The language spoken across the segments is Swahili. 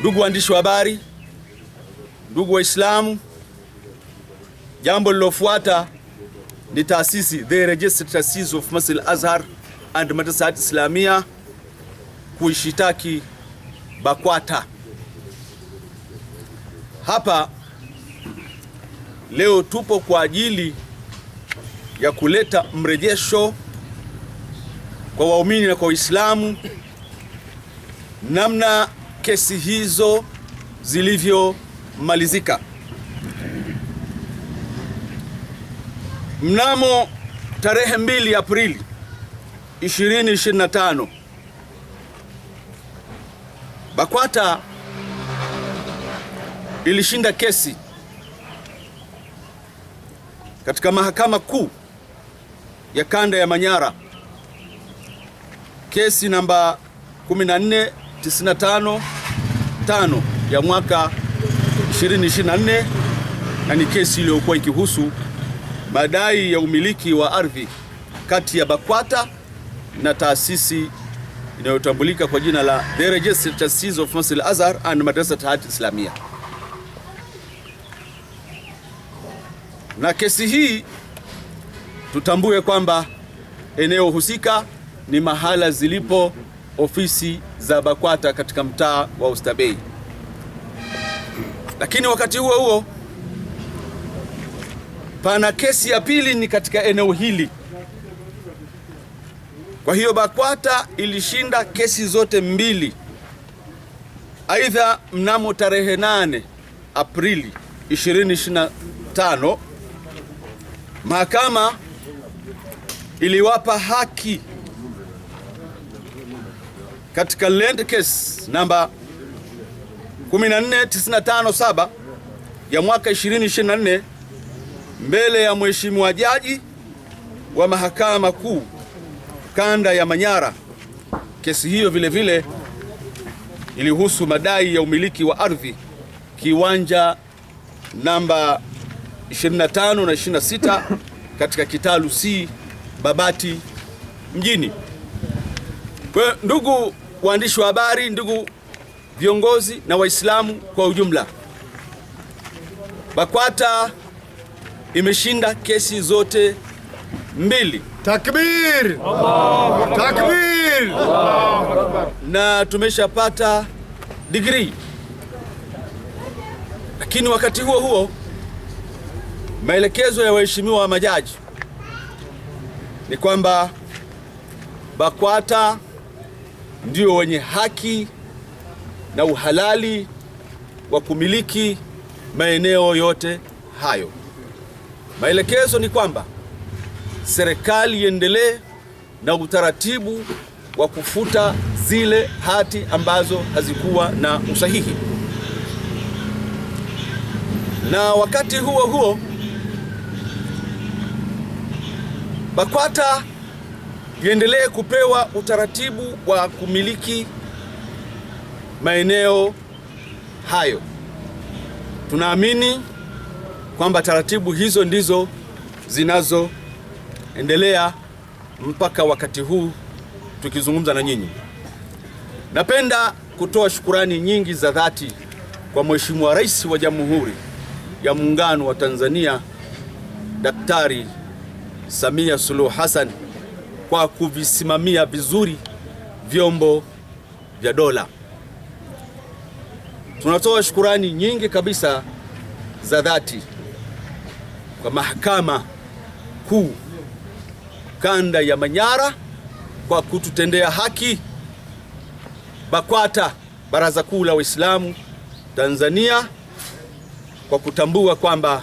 Ndugu waandishi wa habari, ndugu Waislamu, jambo lilofuata ni taasisi the Registered Trustees of Masjid Al-Azhar and Madrasa Islamia kuishitaki BAKWATA. Hapa leo tupo kwa ajili ya kuleta mrejesho kwa waumini na kwa Waislamu namna kesi hizo zilivyomalizika. Mnamo tarehe 2 Aprili 2025 BAKWATA ilishinda kesi katika Mahakama Kuu ya Kanda ya Manyara, kesi namba 1495 tano ya mwaka 2024 na ni kesi iliyokuwa ikihusu madai ya umiliki wa ardhi kati ya BAKWATA na taasisi inayotambulika kwa jina la The Religious Trustees of Masjid Al-Azhar and Madrasa Tahat Islamia. Na kesi hii tutambue kwamba eneo husika ni mahala zilipo ofisi za BAKWATA katika mtaa wa ustabei Lakini wakati huo huo pana kesi ya pili ni katika eneo hili. Kwa hiyo BAKWATA ilishinda kesi zote mbili. Aidha, mnamo tarehe 8 Aprili 2025 mahakama iliwapa haki katika land case namba 14957 ya mwaka 2024 mbele ya Mheshimiwa Jaji wa Mahakama Kuu Kanda ya Manyara. Kesi hiyo vile vile ilihusu madai ya umiliki wa ardhi kiwanja namba 25 na 26 katika kitalu C Babati mjini. Kwa ndugu waandishi wa habari, ndugu viongozi na Waislamu kwa ujumla, BAKWATA imeshinda kesi zote mbili. Takbir! Allah! Takbir! na tumeshapata digrii, lakini wakati huo huo maelekezo ya waheshimiwa wa majaji ni kwamba BAKWATA ndio wenye haki na uhalali wa kumiliki maeneo yote hayo. Maelekezo ni kwamba serikali iendelee na utaratibu wa kufuta zile hati ambazo hazikuwa na usahihi. Na wakati huo huo BAKWATA viendelee kupewa utaratibu wa kumiliki maeneo hayo. Tunaamini kwamba taratibu hizo ndizo zinazoendelea mpaka wakati huu tukizungumza na nyinyi. Napenda kutoa shukurani nyingi za dhati kwa Mheshimiwa Rais wa Jamhuri ya Muungano wa Tanzania Daktari Samia Suluhu Hassan kwa kuvisimamia vizuri vyombo vya dola. Tunatoa shukurani nyingi kabisa za dhati kwa Mahakama Kuu Kanda ya Manyara kwa kututendea haki. BAKWATA Baraza Kuu la Waislamu Tanzania kwa kutambua kwamba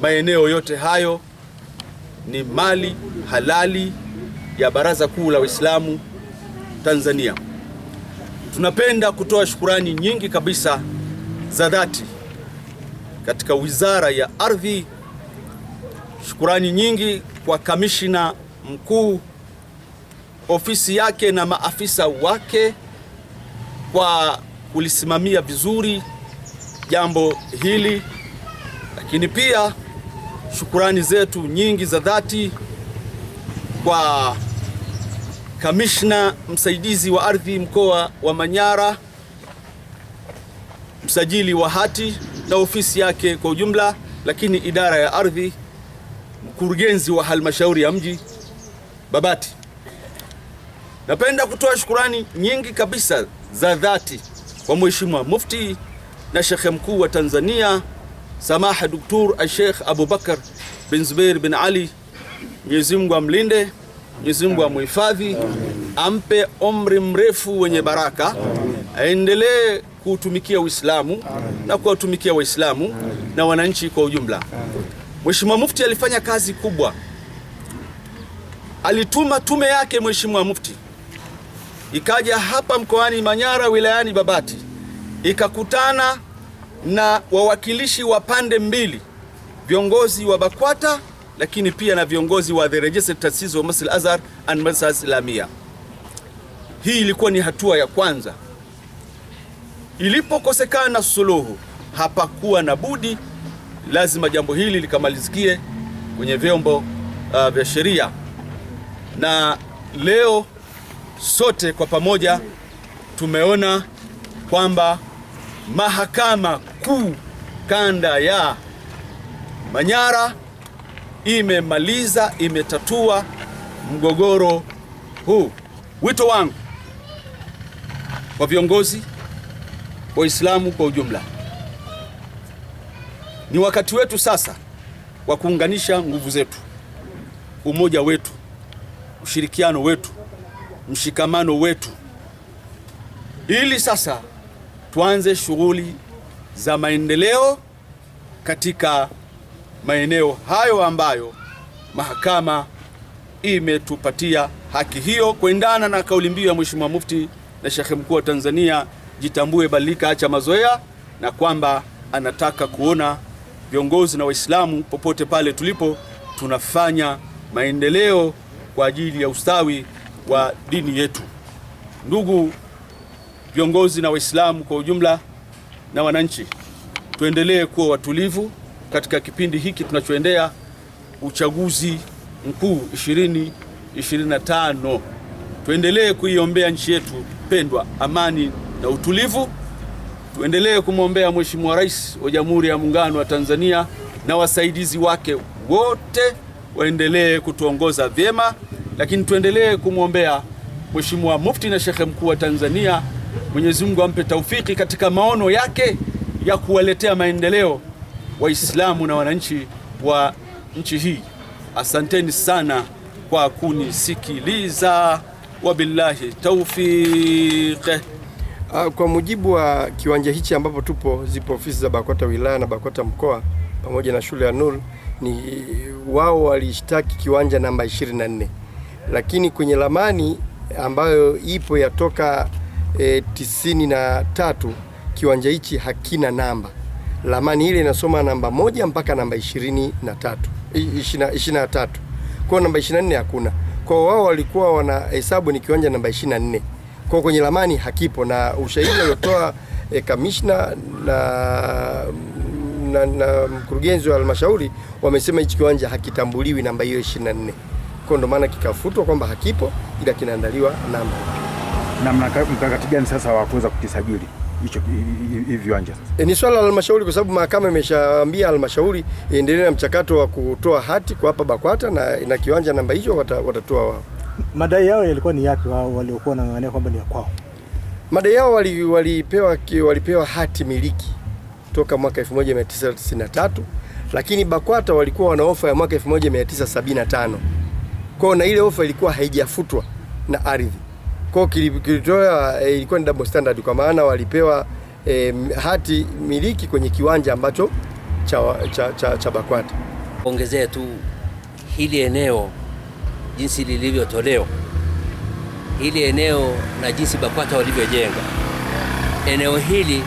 maeneo yote hayo ni mali halali ya Baraza Kuu la Waislamu Tanzania. Tunapenda kutoa shukurani nyingi kabisa za dhati katika Wizara ya Ardhi, shukurani nyingi kwa Kamishina Mkuu, ofisi yake na maafisa wake kwa kulisimamia vizuri jambo hili, lakini pia shukurani zetu nyingi za dhati kwa kamishna msaidizi wa ardhi mkoa wa Manyara, msajili wa hati na ofisi yake kwa ujumla, lakini idara ya ardhi, mkurugenzi wa halmashauri ya mji Babati. Napenda kutoa shukurani nyingi kabisa za dhati kwa Mheshimiwa Mufti na Shekhe Mkuu wa Tanzania Samaha Duktur Ashekh Abubakar bin Zubair bin Ali, Mwenyezi Mungu amlinde. Mwenyezi Mungu amhifadhi, ampe umri mrefu wenye baraka, aendelee kuutumikia Uislamu na kuwatumikia Waislamu na wananchi kwa ujumla. Mheshimiwa Mufti alifanya kazi kubwa, alituma tume yake Mheshimiwa Mufti ikaja hapa mkoani Manyara wilayani Babati ikakutana na wawakilishi wa pande mbili, viongozi wa BAKWATA lakini pia na viongozi wa The Registered Taasisi wa Masjid Al-Azhar and Madrasa Islamia. Hii ilikuwa ni hatua ya kwanza. Ilipokosekana suluhu, hapakuwa na budi, lazima jambo hili likamalizikie kwenye vyombo uh, vya sheria, na leo sote kwa pamoja tumeona kwamba Mahakama Kuu Kanda ya Manyara imemaliza, imetatua mgogoro huu. Wito wangu kwa viongozi Waislamu kwa ujumla, ni wakati wetu sasa wa kuunganisha nguvu zetu, umoja wetu, ushirikiano wetu, mshikamano wetu, ili sasa tuanze shughuli za maendeleo katika maeneo hayo ambayo mahakama imetupatia haki hiyo kuendana na kauli mbiu ya Mheshimiwa Mufti na Shekhe Mkuu wa Tanzania, jitambue, badilika, acha mazoea, na kwamba anataka kuona viongozi na Waislamu popote pale tulipo tunafanya maendeleo kwa ajili ya ustawi wa dini yetu. Ndugu viongozi na Waislamu kwa ujumla na wananchi, tuendelee kuwa watulivu katika kipindi hiki tunachoendea uchaguzi mkuu 2025. Tuendelee kuiombea nchi yetu pendwa amani na utulivu. Tuendelee kumwombea Mheshimiwa Rais wa Jamhuri ya Muungano wa Tanzania na wasaidizi wake wote waendelee kutuongoza vyema, lakini tuendelee kumwombea Mheshimiwa Mufti na Shekhe Mkuu wa Tanzania. Mwenyezi Mungu ampe taufiki katika maono yake ya kuwaletea maendeleo Waislamu na wananchi wa nchi hii. Asanteni sana kwa kunisikiliza, wabillahi taufiq. Ah, kwa mujibu wa kiwanja hichi ambapo tupo, zipo ofisi za BAKWATA wilaya na BAKWATA mkoa pamoja na shule ya Nur. Ni wao walishtaki kiwanja namba 24, lakini kwenye lamani ambayo ipo yatoka e, tisini na tatu kiwanja hichi hakina namba lamani ile inasoma namba moja mpaka namba ishirini na tatu ishirini na tatu kwao namba ishirini na nne hakuna kwao, wao walikuwa hesabu ni kiwanja namba ishirini na nne kwao kwenye lamani hakipo, na ushahidi waliotoa e, kamishna na na, na mkurugenzi wa halmashauri wamesema hichi kiwanja hakitambuliwi namba hiyo 24. Kwa ndo maana kikafutwa kwamba hakipo, ila kinaandaliwa namba. Na mkakati gani sasa wa kuweza kukisajili? viwanja sasa. E, ni swala la halmashauri kwa sababu mahakama imeshaambia halmashauri iendelee na mchakato wa kutoa hati kwa hapa BAKWATA na, na kiwanja namba hicho watatoa wao. Madai yao yalikuwa ni yapi wao waliokuwa wanang'ang'ania kwamba ni ya kwao? Madai yao walipewa walipewa hati miliki toka mwaka 1993 lakini BAKWATA walikuwa wana ofa ya mwaka 1975. Kwa na ile ofa ilikuwa haijafutwa na ardhi kwao kilitoa e, eh, ilikuwa ni double standard kwa maana walipewa e, hati miliki kwenye kiwanja ambacho cha, cha, cha, cha Bakwata. Ongezea tu hili eneo jinsi lilivyotolewa hili eneo na jinsi Bakwata walivyojenga eneo hili.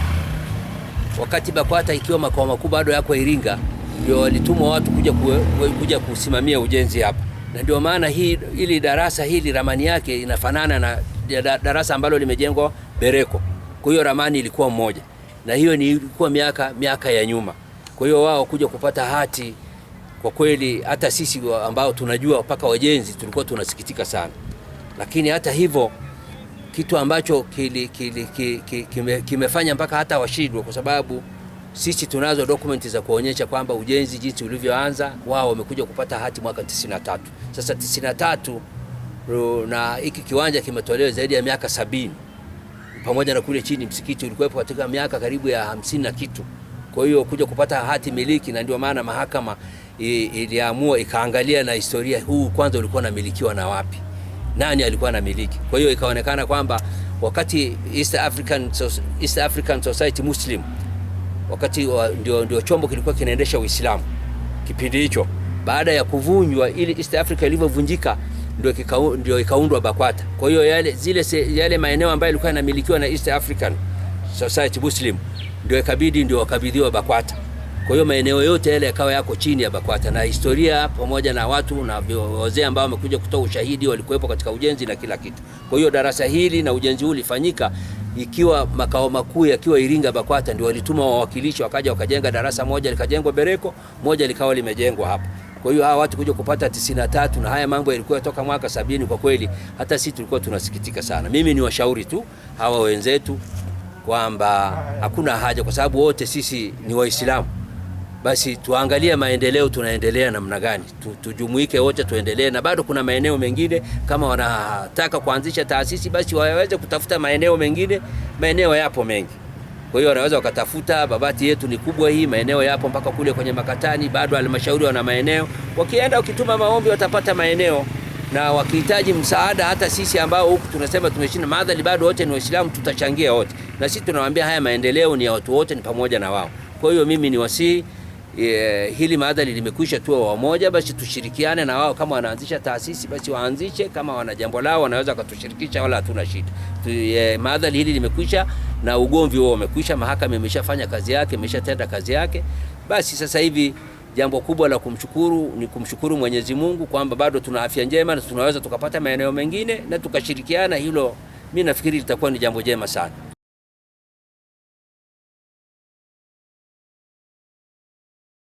Wakati Bakwata ikiwa makao makuu bado yako Iringa, ndio walitumwa watu kuja, kue, kuja kusimamia ujenzi hapa, na ndio maana hili darasa hili ramani yake inafanana na darasa ambalo limejengwa Bereko. Kwa hiyo ramani ilikuwa mmoja, na hiyo ni ilikuwa miaka miaka ya nyuma. Kwa hiyo wao kuja kupata hati, kwa kweli hata sisi ambao tunajua mpaka wajenzi tulikuwa tunasikitika sana, lakini hata hivyo kitu ambacho kili, kili, kili, kime, kimefanya mpaka hata washindwe, kwa sababu sisi tunazo dokumenti za kuonyesha kwamba ujenzi jinsi ulivyoanza, wao wamekuja kupata hati mwaka 93. Sasa 93 na hiki kiwanja kimetolewa zaidi ya miaka sabini pamoja na kule chini msikiti ulikuwepo katika miaka karibu ya hamsini na kitu. Kwa hiyo kuja kupata hati miliki, na ndio maana mahakama iliamua ikaangalia na historia, huu kwanza ulikuwa namilikiwa na wapi, nani alikuwa anamiliki. Kwa hiyo ikaonekana kwamba wakati East African, East African Society Muslim wakati wa, ndio, ndio chombo kilikuwa kinaendesha Uislamu kipindi hicho, baada ya kuvunjwa ili East Africa ilivyovunjika ndio kikau, ndio ikaundwa Bakwata. Kwa hiyo yale zile se, yale maeneo ambayo yalikuwa yanamilikiwa na East African Society Muslim ndio ikabidi ndio wakabidhiwa Bakwata. Kwa hiyo maeneo yote yale yakawa yako chini ya Bakwata na historia pamoja na watu na wazee ambao wamekuja kutoa ushahidi walikuwepo katika ujenzi na kila kitu. Kwa hiyo darasa hili na ujenzi huu ulifanyika ikiwa makao makuu yakiwa Iringa Bakwata, ndio walituma wawakilishi wakaja wakajenga darasa moja likajengwa Bereko, moja likawa limejengwa hapa. Kwa hiyo hawa watu kuja kupata 93 na haya mambo yalikuwa yatoka mwaka sabini, kwa kweli hata sisi tulikuwa tunasikitika sana. Mimi ni washauri tu hawa wenzetu kwamba hakuna haja, kwa sababu wote sisi ni Waislamu, basi tuangalie maendeleo tunaendelea namna gani, tujumuike wote tuendelee, na bado kuna maeneo mengine kama wanataka kuanzisha taasisi, basi waweze kutafuta maeneo mengine, maeneo yapo mengi. Kwa hiyo wanaweza wakatafuta, Babati yetu ni kubwa hii, maeneo yapo mpaka kule kwenye Makatani, bado halmashauri wana maeneo. Wakienda wakituma maombi watapata maeneo, na wakihitaji msaada, hata sisi ambao huku tunasema tumeshinda madhali, bado wote ni Waislamu, tutachangia wote, na sisi tunawaambia haya maendeleo ni ya watu wote, ni pamoja na wao. Kwa hiyo mimi ni wasii E, hili madhali limekwisha tuwa wamoja, basi tushirikiane na wao. Kama wanaanzisha taasisi basi waanzishe, kama wana jambo lao wanaweza kutushirikisha, wala hatuna shida e, madhali hili limekwisha na ugomvi wao umekwisha. Mahakama imeshafanya kazi yake, imeshatenda kazi yake. Basi sasa hivi jambo kubwa la kumshukuru ni kumshukuru Mwenyezi Mungu kwamba bado tuna afya njema na tunaweza tukapata maeneo mengine na tukashirikiana. Hilo mimi nafikiri litakuwa ni jambo jema sana.